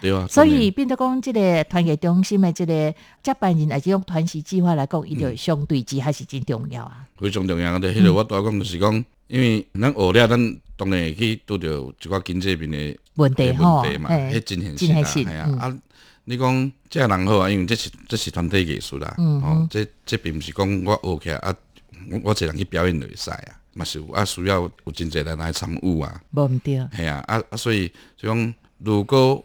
對啊，所以變得講即個傳藝中心嘅即個接班人，係用傳習計畫來講，一條相對之，係是真重要啊。非常重要，我這個我講嘅是講，因為咱學咧，咱當然去對住一啲經濟面嘅問題問題嘛，係真現實。是啊。你講這係人好啊，因為這是這是團隊藝術啦，嗯，即即並唔是講我學起來啊，我我一個人去表演會使啊，嘛是，啊需要有真濟人來參與啊，冇唔對，係啊，啊啊所以即講如果。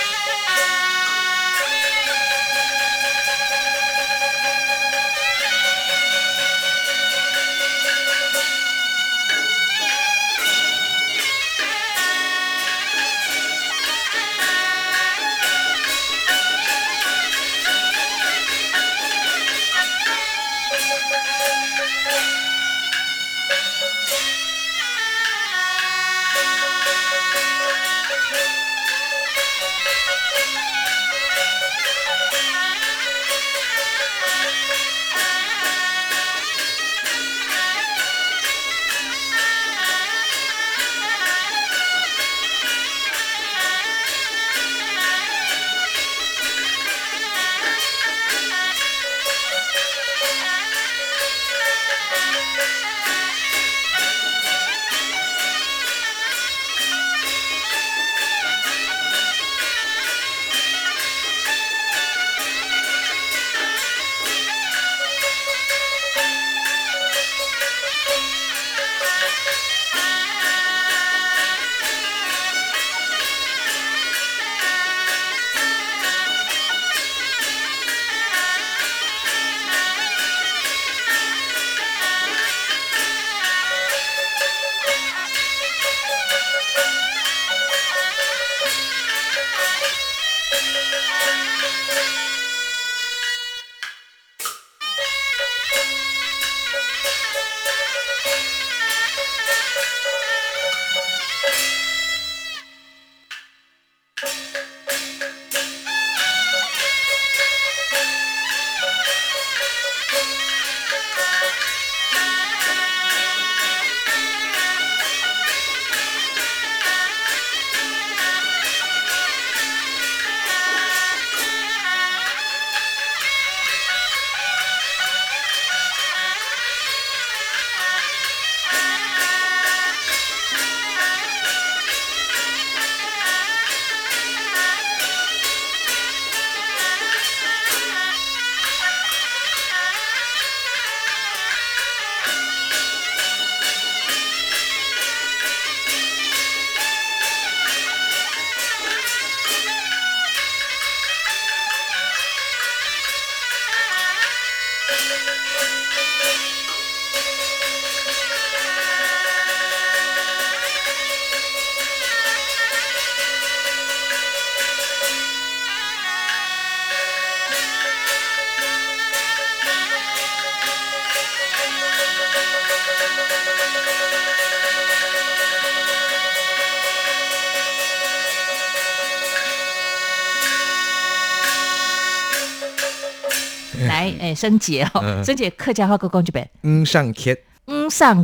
來，誒，生姐哦，生姐客家話擱講一遍。嗯，上開，嗯，上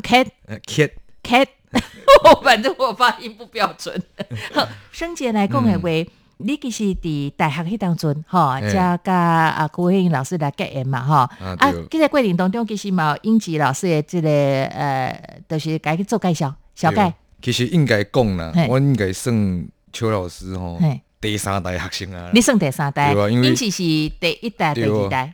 呃開開，反正我發音不標準。生姐來講嘅話，你其實佇大學去當中，哈，加加啊，古英老師來教嘅嘛，哈。啊，其實桂林當中其實嘛有英吉老師嘅即個，呃，就是改做介紹，小改。其實應該講啦，我應該算邱老師吼，第三代學生啊。你算第三代，因為英吉是第一代、第二代。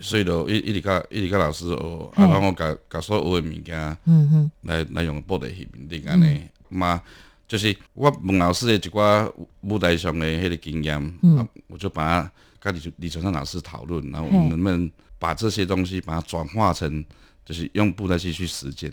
所以，到伊伊里個伊里個老師學，阿幫我搞搞所有的嘅物件，來、嗯、哼來用布袋戲面對佮嘛，就是我問老師嘅一寡舞台上嘅迄個經驗，嗯、啊，我就把它佮李李傳勝老師討論，然後我們能不能把這些東西把它轉化成，就是用布袋戲去實踐。